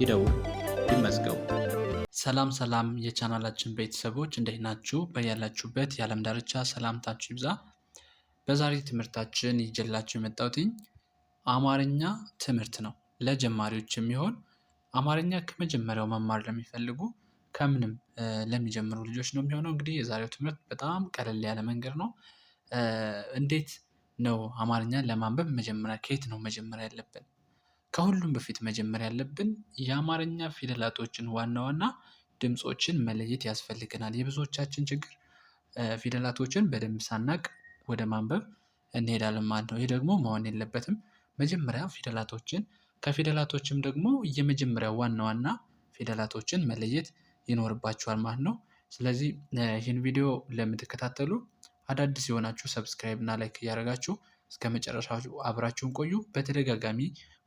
ይደውሉ፣ ይመዝገቡ። ሰላም ሰላም የቻናላችን ቤተሰቦች እንዴት ናችሁ? በያላችሁበት የዓለም ዳርቻ ሰላምታችሁ ይብዛ። በዛሬ ትምህርታችን ይጀላችሁ የመጣውትኝ አማርኛ ትምህርት ነው። ለጀማሪዎች የሚሆን አማርኛ ከመጀመሪያው መማር ለሚፈልጉ ከምንም ለሚጀምሩ ልጆች ነው የሚሆነው። እንግዲህ የዛሬው ትምህርት በጣም ቀለል ያለ መንገድ ነው። እንዴት ነው አማርኛን ለማንበብ መጀመሪያ ከየት ነው መጀመሪያ ያለብን ከሁሉም በፊት መጀመር ያለብን የአማርኛ ፊደላቶችን ዋና ዋና ድምፆችን መለየት ያስፈልገናል። የብዙዎቻችን ችግር ፊደላቶችን በደንብ ሳናቅ ወደ ማንበብ እንሄዳለን ማለት ነው። ይህ ደግሞ መሆን የለበትም። መጀመሪያ ፊደላቶችን ከፊደላቶችም ደግሞ የመጀመሪያ ዋና ዋና ፊደላቶችን መለየት ይኖርባቸዋል ማለት ነው። ስለዚህ ይህን ቪዲዮ ለምትከታተሉ አዳዲስ የሆናችሁ ሰብስክራይብ እና ላይክ እያደረጋችሁ እስከ መጨረሻ አብራችሁን ቆዩ። በተደጋጋሚ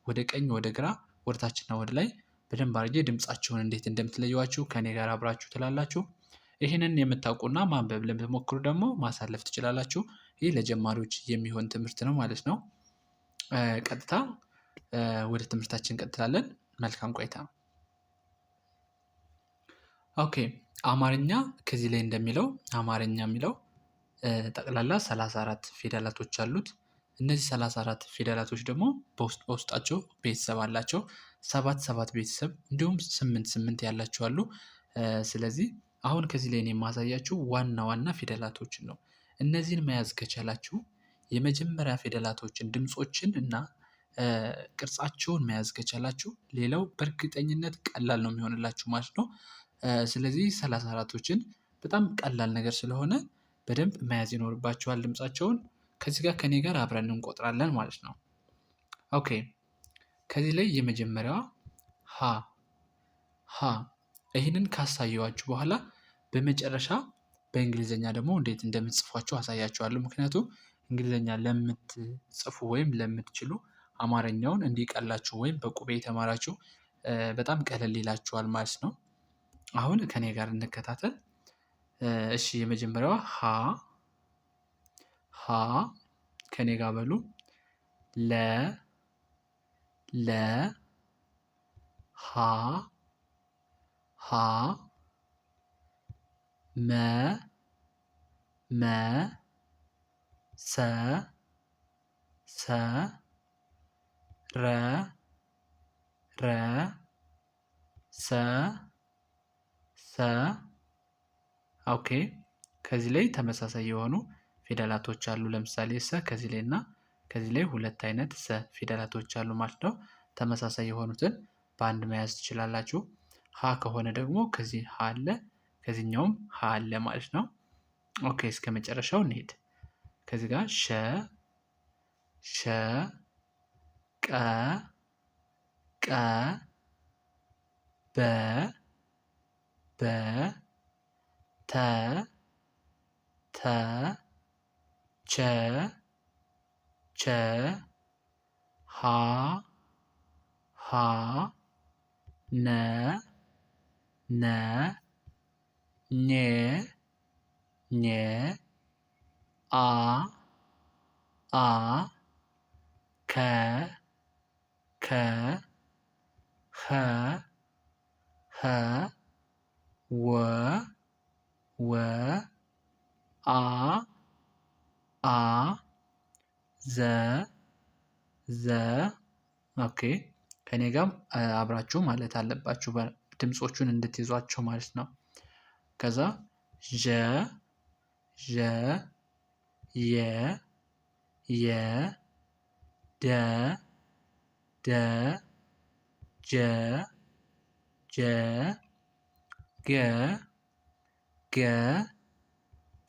ወደ ቀኝ፣ ወደ ግራ፣ ወደ ታችና ወደ ላይ በደንብ አድርጌ ድምፃችሁን እንዴት እንደምትለየዋችሁ ከኔ ጋር አብራችሁ ትላላችሁ። ይህንን የምታውቁና ማንበብ ለምትሞክሩ ደግሞ ማሳለፍ ትችላላችሁ። ይህ ለጀማሪዎች የሚሆን ትምህርት ነው ማለት ነው። ቀጥታ ወደ ትምህርታችን እንቀጥላለን። መልካም ቆይታ። ኦኬ አማርኛ ከዚህ ላይ እንደሚለው አማርኛ የሚለው ጠቅላላ 34 ፊደላቶች አሉት። እነዚህ 34 ፊደላቶች ደግሞ በውስጣቸው ቤተሰብ አላቸው። ሰባት ሰባት ቤተሰብ እንዲሁም ስምንት ስምንት ያላቸው አሉ። ስለዚህ አሁን ከዚህ ላይ የማሳያችሁ ዋና ዋና ፊደላቶችን ነው። እነዚህን መያዝ ከቻላችሁ የመጀመሪያ ፊደላቶችን ድምፆችን እና ቅርጻቸውን መያዝ ከቻላችሁ ሌላው በእርግጠኝነት ቀላል ነው የሚሆንላችሁ ማለት ነው። ስለዚህ ሰላሳ አራቶችን በጣም ቀላል ነገር ስለሆነ በደንብ መያዝ ይኖርባቸዋል ድምፃቸውን ከዚህ ጋር ከኔ ጋር አብረን እንቆጥራለን ማለት ነው። ኦኬ ከዚህ ላይ የመጀመሪያዋ ሀ ሀ ይህንን ካሳየዋችሁ በኋላ በመጨረሻ በእንግሊዝኛ ደግሞ እንዴት እንደምትጽፏችሁ አሳያችኋለሁ። ምክንያቱም እንግሊዝኛ ለምትጽፉ ወይም ለምትችሉ አማርኛውን እንዲቀላችሁ ወይም በቁቤ የተማራችሁ በጣም ቀለል ይላችኋል ማለት ነው። አሁን ከኔ ጋር እንከታተል እሺ። የመጀመሪያዋ ሀ ሀ ከኔ ጋር በሉ ለ ለ ሀ ሀ መ መ ሰ ሰ ረ ረ ሰ ሰ ኦኬ። ከዚህ ላይ ተመሳሳይ የሆኑ ፊደላቶች አሉ። ለምሳሌ ሰ ከዚህ ላይ እና ከዚህ ላይ ሁለት አይነት ሰ ፊደላቶች አሉ ማለት ነው። ተመሳሳይ የሆኑትን በአንድ መያዝ ትችላላችሁ። ሀ ከሆነ ደግሞ ከዚህ ሀ አለ፣ ከዚህኛውም ሀ አለ ማለት ነው። ኦኬ እስከ መጨረሻው እንሄድ። ከዚህ ጋር ሸ ሸ ቀ ቀ በ በ ተ ተ ቸ ቸ ሀ ሀ ነ ነ ኘ ኘ አ አ ከ ከ ኸ ጋም አብራችሁ ማለት አለባችሁ ድምፆቹን እንድትይዟቸው ማለት ነው። ከዛ ዠ ዠ የ የ ደ ደ ጀ ጀ ገ ገ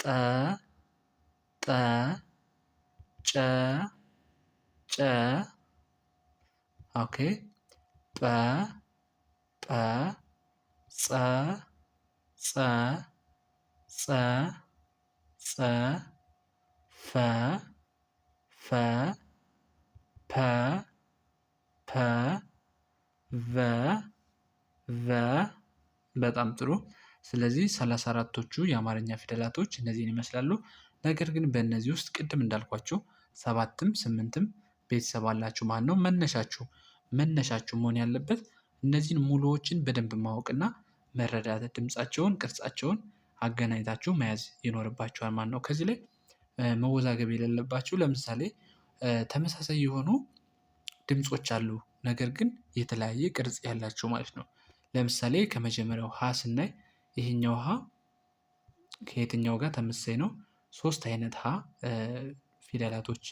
ጠ ጠ ጨ ጨ ኦኬ ጰ ጰ ጸ ጸ ጸ ጸ ፈ ፈ ፐ ፐ ቨ ቨ በጣም ጥሩ። ስለዚህ ሰላሳ አራቶቹ የአማርኛ ፊደላቶች እነዚህን ይመስላሉ። ነገር ግን በእነዚህ ውስጥ ቅድም እንዳልኳቸው ሰባትም ስምንትም ቤተሰብ አላችሁ ማን ነው መነሻችሁ መነሻችሁ መሆን ያለበት እነዚህን ሙሉዎችን በደንብ ማወቅና መረዳት ድምፃቸውን ቅርጻቸውን አገናኝታችሁ መያዝ ይኖርባችኋል ማለት ነው። ከዚህ ላይ መወዛገብ የሌለባችሁ ለምሳሌ ተመሳሳይ የሆኑ ድምጾች አሉ ነገር ግን የተለያየ ቅርጽ ያላቸው ማለት ነው። ለምሳሌ ከመጀመሪያው ሀ ስናይ ይሄኛው ሀ ከየትኛው ጋር ተመሳሳይ ነው? ሶስት አይነት ሀ ፊደላቶች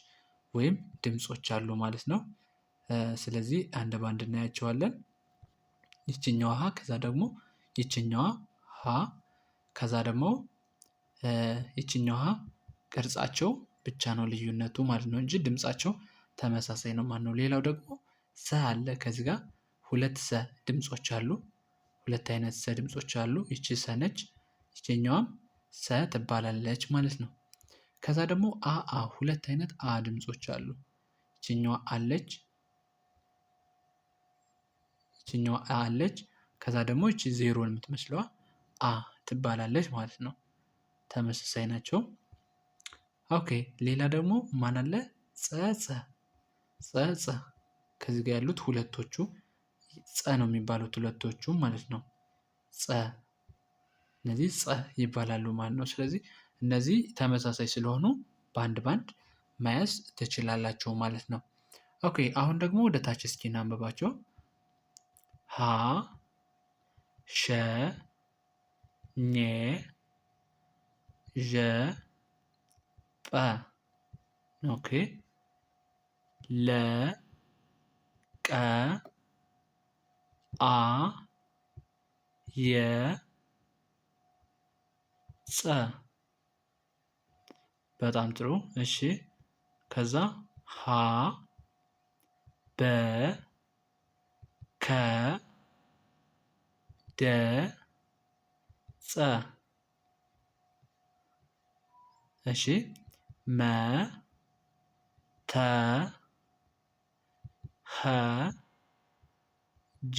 ወይም ድምጾች አሉ ማለት ነው። ስለዚህ አንድ በአንድ እናያቸዋለን። ይችኛዋ ሀ ከዛ ደግሞ ይችኛዋ ሀ ከዛ ደግሞ ይችኛዋ ሀ ቅርጻቸው ብቻ ነው ልዩነቱ ማለት ነው እንጂ ድምጻቸው ተመሳሳይ ነው ማለት ነው። ሌላው ደግሞ ሰ አለ ከዚህ ጋር ሁለት ሰ ድምጾች አሉ። ሁለት አይነት ሰ ድምጾች አሉ። ይቺ ሰ ነች፣ ይችኛዋም ሰ ትባላለች ማለት ነው። ከዛ ደግሞ አ አ ሁለት አይነት አ ድምጾች አሉ። ይችኛዋ አለች እችኛዋ አ አለች። ከዛ ደግሞ እቺ ዜሮን የምትመስለዋ አ ትባላለች ማለት ነው። ተመሳሳይ ናቸው። ኦኬ ሌላ ደግሞ ማን አለ? ጸጸ ጸጸ ከዚህ ጋር ያሉት ሁለቶቹ ጸ ነው የሚባሉት ሁለቶቹ ማለት ነው። ጸ እነዚህ ጸ ይባላሉ ማለት ነው። ስለዚህ እነዚህ ተመሳሳይ ስለሆኑ በአንድ ባንድ መያዝ ትችላላቸው ማለት ነው። ኦኬ አሁን ደግሞ ወደ ታች እስኪ እናንብባቸው። ሀ ሸ ኜ ዠ ጠ ኦኬ ለ ቀ አ የ ጸ በጣም ጥሩ። እሺ ከዛ ሀ በ ከ ደ ጸ እሺ መ ተ ሀ ጀ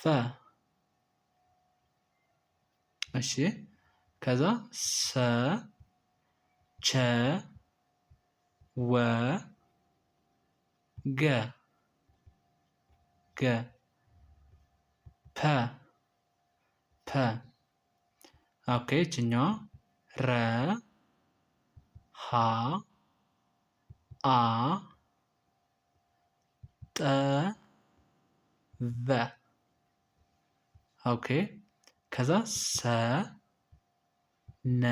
ፈ እሺ ከዛ ሰ ቸ ወ ገ ገ ፐ ፐ ኦኬ ይችኛዋ ረ ሀ አ ጠ ቨ ኦኬ ከዛ ሰ ነ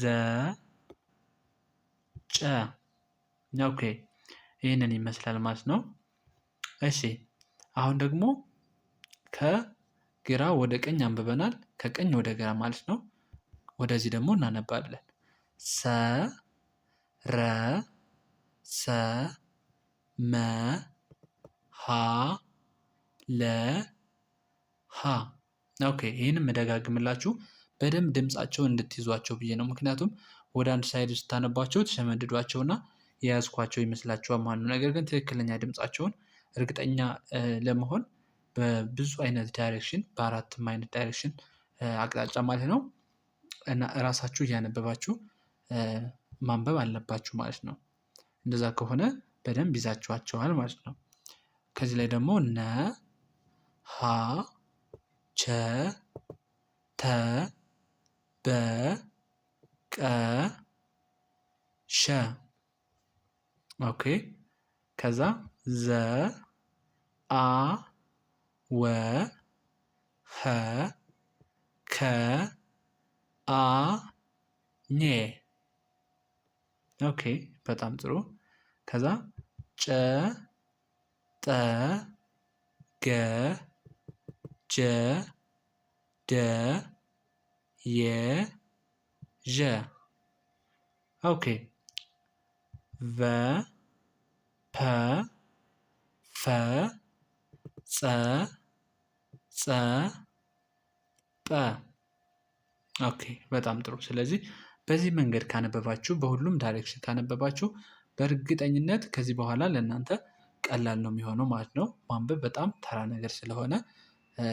ዘ ጨ ኦኬ ይህንን ይመስላል ማለት ነው። እሺ አሁን ደግሞ ከግራ ወደ ቀኝ አንብበናል። ከቀኝ ወደ ግራ ማለት ነው። ወደዚህ ደግሞ እናነባለን። ሰ ረ ሰ መ ሀ ለ ሀ ኦኬ። ይህንም መደጋግምላችሁ በደንብ ድምፃቸው እንድትይዟቸው ብዬ ነው። ምክንያቱም ወደ አንድ ሳይድ ስታነቧቸው ተሸመድዷቸውና የያዝኳቸው ይመስላችኋል ማለት ነው። ነገር ግን ትክክለኛ ድምፃቸውን እርግጠኛ ለመሆን በብዙ አይነት ዳይሬክሽን በአራትም አይነት ዳይሬክሽን አቅጣጫ ማለት ነው እና እራሳችሁ እያነበባችሁ ማንበብ አለባችሁ ማለት ነው። እንደዛ ከሆነ በደንብ ይዛችኋቸዋል ማለት ነው። ከዚህ ላይ ደግሞ ነ ሀ ቸ ተ በ ቀ ሸ ኦኬ ከዛ ዘ are, were, her, ker, are, ne. Okay, but I'm through. Kaza, che, te, ge, je, de, ye, je. Okay. Ve, pe, fe, ጸ ጸ ጰ ኦኬ በጣም ጥሩ። ስለዚህ በዚህ መንገድ ካነበባችሁ በሁሉም ዳይሬክሽን ካነበባችሁ በእርግጠኝነት ከዚህ በኋላ ለእናንተ ቀላል ነው የሚሆነው ማለት ነው። ማንበብ በጣም ተራ ነገር ስለሆነ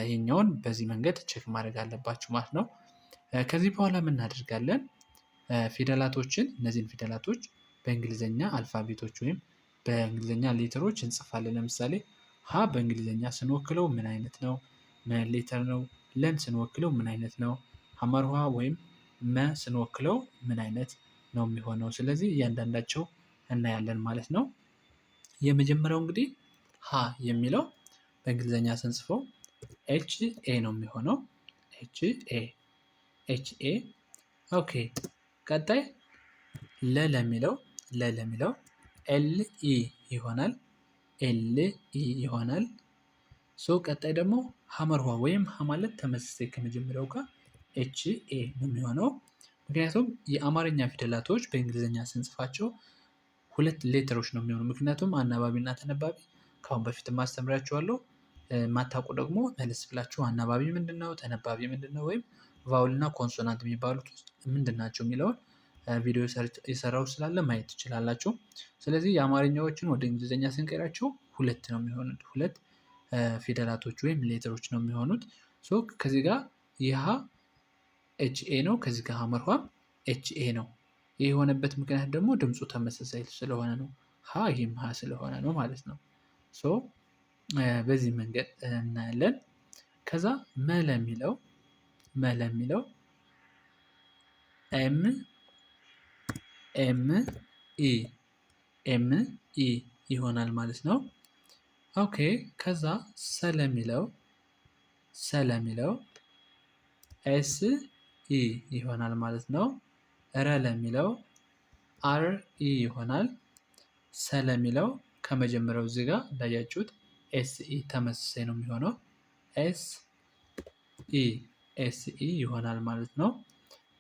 ይህኛውን በዚህ መንገድ ቼክ ማድረግ አለባችሁ ማለት ነው። ከዚህ በኋላ ምን ፊደላቶችን እነዚህን ፊደላቶች በእንግሊዝኛ አልፋቤቶች ወይም በእንግሊዝኛ ሌተሮች እንጽፋለን። ለምሳሌ ሀ በእንግሊዝኛ ስንወክለው ምን አይነት ነው? መ ሌተር ነው። ለን ስንወክለው ምን አይነት ነው? ሀመር ውሃ ወይም መ ስንወክለው ምን አይነት ነው የሚሆነው? ስለዚህ እያንዳንዳቸው እናያለን ማለት ነው። የመጀመሪያው እንግዲህ ሀ የሚለው በእንግሊዝኛ ስንጽፈው ኤች ኤ ነው የሚሆነው። ኤች ኤ ኤች ኤ ኦኬ። ቀጣይ ለ ለሚለው ለ ለሚለው ኤል ኢ ይሆናል። ኤል ኢ ይሆናል። ሶ ቀጣይ ደግሞ ሀመርዋ ወይም ሀ ማለት ተመሳሳይ ከመጀመሪያው ጋር ኤች ኤ ነው የሚሆነው። ምክንያቱም የአማርኛ ፊደላቶች በእንግሊዝኛ ስንጽፋቸው ሁለት ሌተሮች ነው የሚሆኑ። ምክንያቱም አናባቢ እና ተነባቢ ከአሁን በፊት ማስተምሪያቸዋለሁ። ማታውቁ ደግሞ መለስ ብላችሁ አናባቢ ምንድን ነው፣ ተነባቢ ምንድን ነው፣ ወይም ቫውል እና ኮንሶናንት የሚባሉት ውስጥ ምንድን ናቸው የሚለውን ቪዲዮ የሰራው ስላለ ማየት ትችላላችሁ። ስለዚህ የአማርኛዎችን ወደ እንግሊዝኛ ስንቀይራቸው ሁለት ነው የሚሆኑት። ሁለት ፊደላቶች ወይም ሌተሮች ነው የሚሆኑት። ሶ ከዚህ ጋር ይህ ኤችኤ ነው። ከዚህ ጋር ሀመርኋም ኤችኤ ነው። ይህ የሆነበት ምክንያት ደግሞ ድምፁ ተመሳሳይ ስለሆነ ነው። ሀ ይህም ሀ ስለሆነ ነው ማለት ነው። ሶ በዚህ መንገድ እናያለን። ከዛ መለሚለው መለሚለው ኤም ኤም ኢ ኤም ኢ ይሆናል ማለት ነው። ኦኬ ከዛ ሰለሚለው ሰለሚለው ኤስ ኢ ይሆናል ማለት ነው። ረ ለሚለው አር ኢ ይሆናል። ሰለሚለው ከመጀመሪያው እዚህ ጋር እንዳያችሁት ኤስ ኢ ተመሳሳይ ነው የሚሆነው ኤስ ኢ ኤስ ኢ ይሆናል ማለት ነው።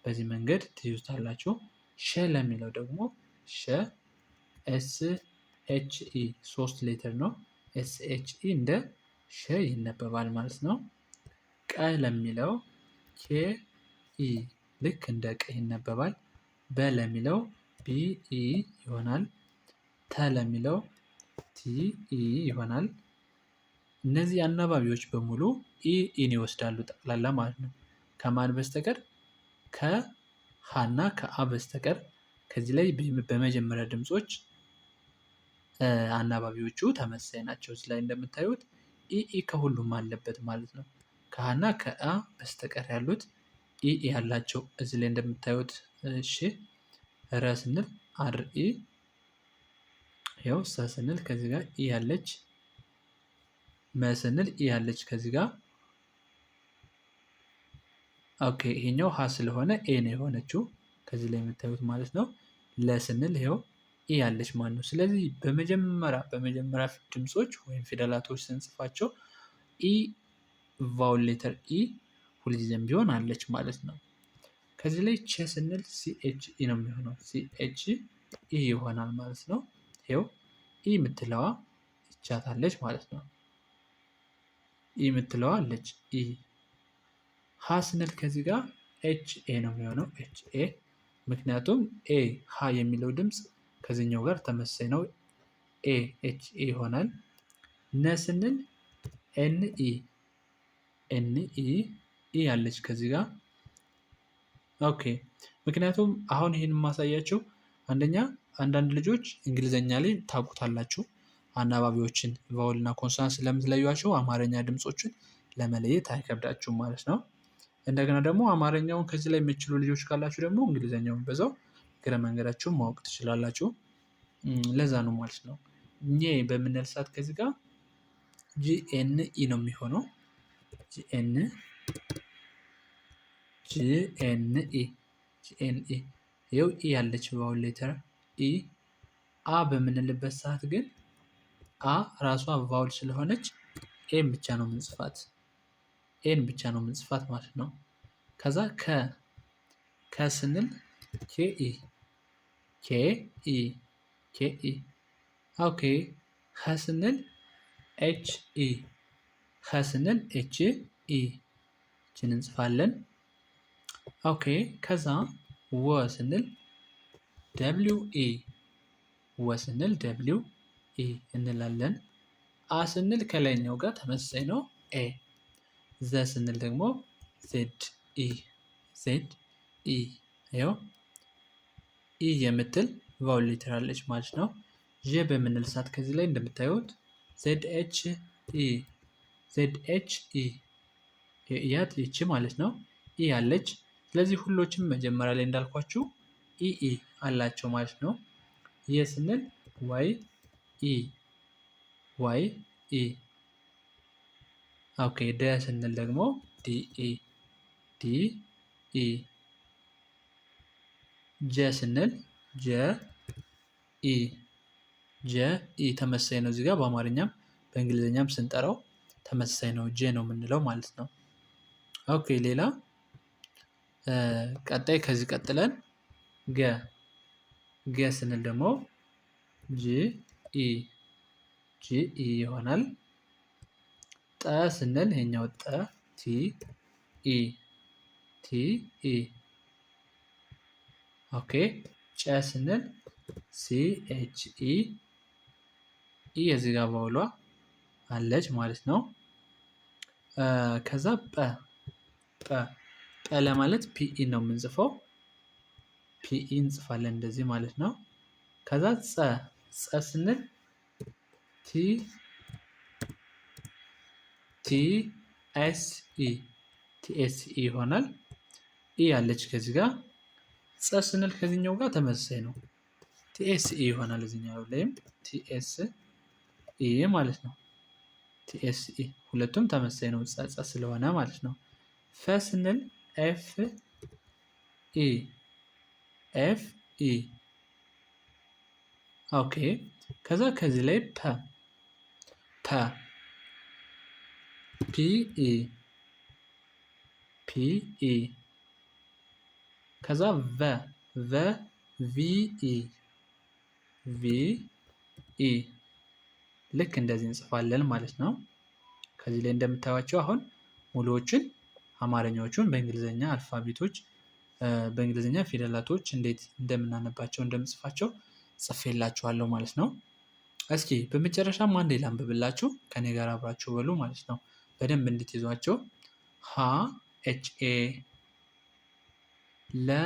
በዚህ መንገድ ትይዙታላችሁ። ሸ ለሚለው ደግሞ ሸ ኤስ ኤች ኢ ሶስት ሌተር ነው። ኤስ ኤች ኢ እንደ ሸ ይነበባል ማለት ነው። ቀ ለሚለው ኬ ኢ ልክ እንደ ቀ ይነበባል። በ ለሚለው ቢ ኢ ይሆናል። ተ ለሚለው ቲ ኢ ይሆናል። እነዚህ አናባቢዎች በሙሉ ኢ ኢን ይወስዳሉ ጠቅላላ ማለት ነው። ከማን በስተቀር ከ ሀና ከአ በስተቀር ከዚህ ላይ በመጀመሪያ ድምፆች አናባቢዎቹ ተመሳይ ናቸው። እዚህ ላይ እንደምታዩት ኢኢ ከሁሉም አለበት ማለት ነው። ከሀና ከአ በስተቀር ያሉት ኢኢ ያላቸው እዚህ ላይ እንደምታዩት እሺ። ረ ስንል አር ኢ ያው፣ ሰ ስንል ከዚህ ጋር ኢ ያለች፣ መ ስንል ኢ ያለች ከዚህ ጋር ኦኬ ይሄኛው ሀ ስለሆነ ኤ ነው የሆነችው ከዚህ ላይ የምታዩት ማለት ነው። ለስንል ይኸው ኤ ያለች ማን ነው። ስለዚህ በመጀመሪያ በመጀመሪያ ድምፆች ወይም ፊደላቶች ስንጽፋቸው ኢ ቫውል ሌተር ኢ ሁልጊዜም ቢሆን አለች ማለት ነው። ከዚህ ላይ ቼ ስንል ሲኤች ኢ ነው የሚሆነው። ሲኤች ኢ ይሆናል ማለት ነው። ይኸው ኢ የምትለዋ ይቻታለች ማለት ነው። ኢ የምትለዋ አለች ኢ ሀ ስንል ከዚህ ጋር ኤች ኤ ነው የሚሆነው ኤች ኤ። ምክንያቱም ኤ ሀ የሚለው ድምፅ ከዚህኛው ጋር ተመሳሳይ ነው። ኤ ኤች ኤ ይሆናል። ነ ስንል ኤን ኢ ኤን ኢ ኢ አለች ከዚህ ጋር ኦኬ። ምክንያቱም አሁን ይህን የማሳያችው አንደኛ አንዳንድ ልጆች እንግሊዝኛ ላይ ታውቁታላችሁ አናባቢዎችን ቫውልና ኮንሶናንት ስለምትለዩቸው አማርኛ ድምፆችን ለመለየት አይከብዳችሁም ማለት ነው። እንደገና ደግሞ አማርኛውን ከዚህ ላይ የምችሉ ልጆች ካላችሁ ደግሞ እንግሊዘኛውን በዛው እግረ መንገዳችሁን ማወቅ ትችላላችሁ። ለዛ ነው ማለት ነው። እኘ በምንል ሰዓት ከዚህ ጋር ጂኤን ኢ ነው የሚሆነው። ጂኤን ጂኤን ኢ ጂኤን ኢ ይኸው ኢ ያለች ባሁን ሌተር ኢ አ በምንልበት ሰዓት ግን አ ራሷ ቫውል ስለሆነች ኤም ብቻ ነው የምንጽፋት። ኤን ብቻ ነው ምንጽፋት ማለት ነው። ከዛ ከ ከስንል ኢ ኬ ኢ ኦኬ። ከስንል ኤች ኢ ከስንል ኤች ኢ ችን እንጽፋለን። ኦኬ። ከዛ ወ ስንል ደብሊው ኢ ወ ስንል ደብሊው ኢ እንላለን። አ ስንል ከላይኛው ጋር ተመሳሳይ ነው ኤ ዘ ስንል ደግሞ ዜድ ኢ ዜድ ኢ ይኸው ኢ የምትል ቫውል ሌተር አለች ማለት ነው። ዥ በምንል ሰዓት ከዚህ ላይ እንደምታዩት ዜድ ኤች ኢ ዜድ ኤች ኢ ያት ይቺ ማለት ነው ኢ አለች። ስለዚህ ሁሎችም መጀመሪያ ላይ እንዳልኳችሁ ኢ ኢ አላቸው ማለት ነው። ይህ ስንል ዋይ ኢ ዋይ ኢ ኦኬ ደ ስንል ደግሞ ዲኢ ዲኢ ጀ ስንል ጀ ኢ ጀ ኢ ተመሳሳይ ነው። እዚጋ በአማርኛም በእንግሊዝኛም ስንጠራው ተመሳሳይ ነው። ጄ ነው የምንለው ማለት ነው። ኦኬ ሌላ ቀጣይ ከዚህ ቀጥለን ገ ገ ስንል ደግሞ ጂ ኢ ጂ ኢ ይሆናል። ጠ ስንል ይሄኛው ጠ ቲ ኢ ቲ ኢ ኦኬ። ጨ ስንል ሲ ኤች ኢ ኢ የዚህ ጋር ባውሏ አለች ማለት ነው። ከዛ ጠ ጰ ጰ ለማለት ፒኢ ነው የምንጽፈው። ፒኢ እንጽፋለን እንደዚህ ማለት ነው። ከዛ ጸ ጸ ስንል ቲ ቲኤስኢ ቲኤስኢ ይሆናል። ኢ ያለች ከዚህ ጋር ጸ ስንል ከዚህኛው ጋር ተመሳሳይ ነው። ቲኤስኢ ይሆናል እዚህኛው ላይም ቲኤስኢ ማለት ነው። ቲኤስኢ ሁለቱም ተመሳሳይ ነው፣ ጸጸ ስለሆነ ማለት ነው። ፈ ስንል ኤፍ ኢ ኤፍ ኢ ኦኬ። ከዛ ከዚህ ላይ ፐ ፐ ፒኢ ፒኢ ከዛ ቨ ቨ ቪኢ ቪኢ ልክ እንደዚህ እንጽፋለን ማለት ነው። ከዚህ ላይ እንደምታዩቸው አሁን ሙሉዎችን አማርኛዎቹን በእንግሊዝኛ አልፋቤቶች በእንግሊዝኛ ፊደላቶች እንዴት እንደምናነባቸው እንደምጽፋቸው ጽፌላችኋለሁ ማለት ነው። እስኪ በመጨረሻም አንዴ ላንብብላችሁ ከኔ ጋር አብራችሁ በሉ ማለት ነው። በደንብ እንድትይዟቸው ሀ ኤች ኤ ለ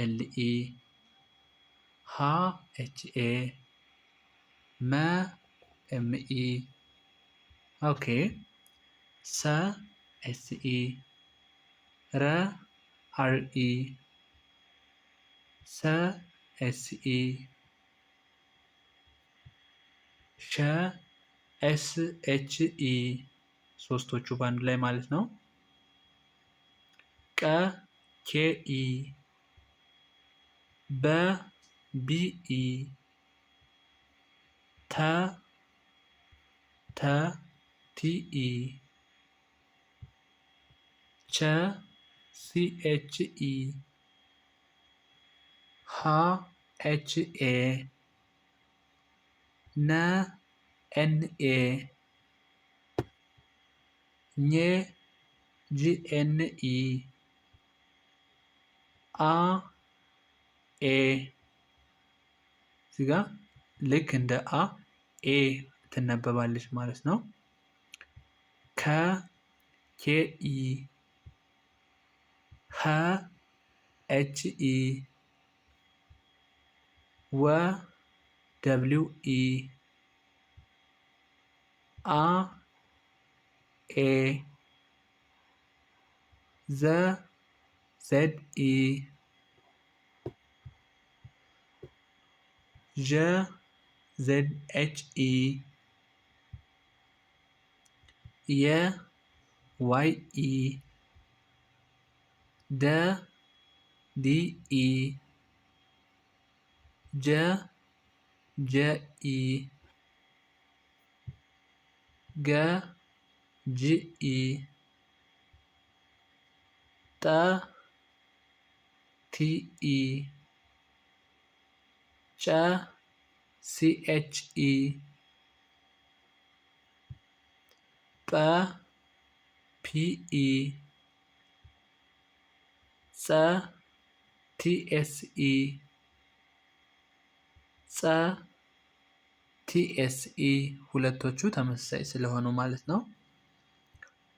ኤል ኢ ሀ ኤች ኤ መ ኤም ኢ ኦኬ ሰ ኤስ ኢ ረ አር ኢ ሰ ኤስ ኢ ሸ ኤስ ኤች ኢ ሶስቶቹ በአንድ ላይ ማለት ነው። ቀ ኬ ኬኢ በ ቢኢ ተ ተ ቲኢ ቸ ሲኤችኢ ሃ ኤችኤ ነ ኤንኤ Nye GNI አ ኤ e, እዚጋ ልክ እንደ አ ኤ e ትነበባለች ማለት ነው። ከ ኢ ሀ ኤች ኢ ወ ደብሊው ኢ አ A Z Z E J Z H E Y Y E D D E J J E G ጂኢ ጠ ቲኢ ጨ ሲኤችኢ ጰ ፒኢ ጸ ቲኤስኢ ጸ ቲኤስኢ ሁለቶቹ ተመሳሳይ ስለሆኑ ማለት ነው።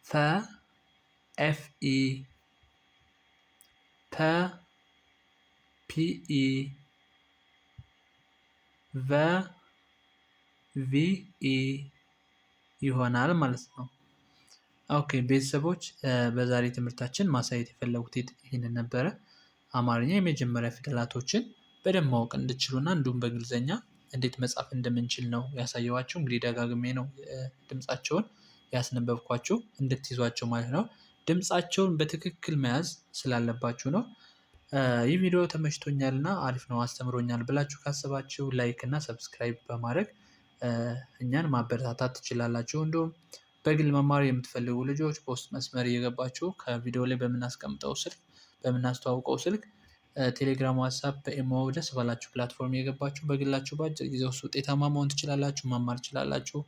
ፈ ኤፍ ኢ ፐ ፒ ኢ ቨ ቪ ኢ ይሆናል ማለት ነው። ኦኬ ቤተሰቦች በዛሬ ትምህርታችን ማሳየት የፈለጉት ይህንን ነበረ። አማርኛ የመጀመሪያ ፊደላቶችን በደንብ ማወቅ እንድችሉና እንዲሁም በእንግሊዝኛ እንዴት መጻፍ እንደምንችል ነው ያሳየዋቸው። እንግዲህ ደጋግሜ ነው ድምጻቸውን ያስነበብኳችሁ እንድትይዟቸው ማለት ነው። ድምፃቸውን በትክክል መያዝ ስላለባችሁ ነው። ይህ ቪዲዮ ተመችቶኛል ና አሪፍ ነው አስተምሮኛል ብላችሁ ካሰባችሁ ላይክ እና ሰብስክራይብ በማድረግ እኛን ማበረታታት ትችላላችሁ። እንዲሁም በግል መማር የምትፈልጉ ልጆች በውስጥ መስመር እየገባችሁ ከቪዲዮ ላይ በምናስቀምጠው ስልክ በምናስተዋውቀው ስልክ ቴሌግራም፣ ዋትሳፕ፣ በኢሞ ደስ ባላችሁ ፕላትፎርም እየገባችሁ በግላችሁ በአጭር ጊዜ ውስጥ ውጤታማ መሆን ትችላላችሁ፣ መማር ትችላላችሁ።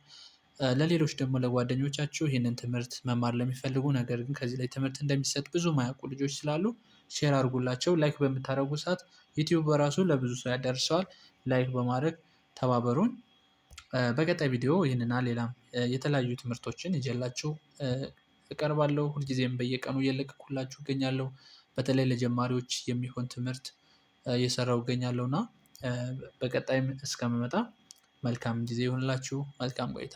ለሌሎች ደግሞ ለጓደኞቻችሁ ይህንን ትምህርት መማር ለሚፈልጉ ነገር ግን ከዚህ ላይ ትምህርት እንደሚሰጥ ብዙ ማያውቁ ልጆች ስላሉ ሼር አድርጉላቸው። ላይክ በምታደርጉ ሰዓት ዩቲዩብ በራሱ ለብዙ ሰው ያደርሰዋል ላይክ በማድረግ ተባበሩን። በቀጣይ ቪዲዮ ይህንና ሌላም የተለያዩ ትምህርቶችን ይዤላችሁ እቀርባለሁ። ሁልጊዜም በየቀኑ እየለቀኩላችሁ እገኛለሁ። በተለይ ለጀማሪዎች የሚሆን ትምህርት እየሰራው እገኛለሁ እና በቀጣይም እስከምመጣ መልካም ጊዜ ይሆንላችሁ። መልካም ቆይታ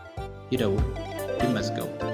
ይደውል። ይመዝገቡ።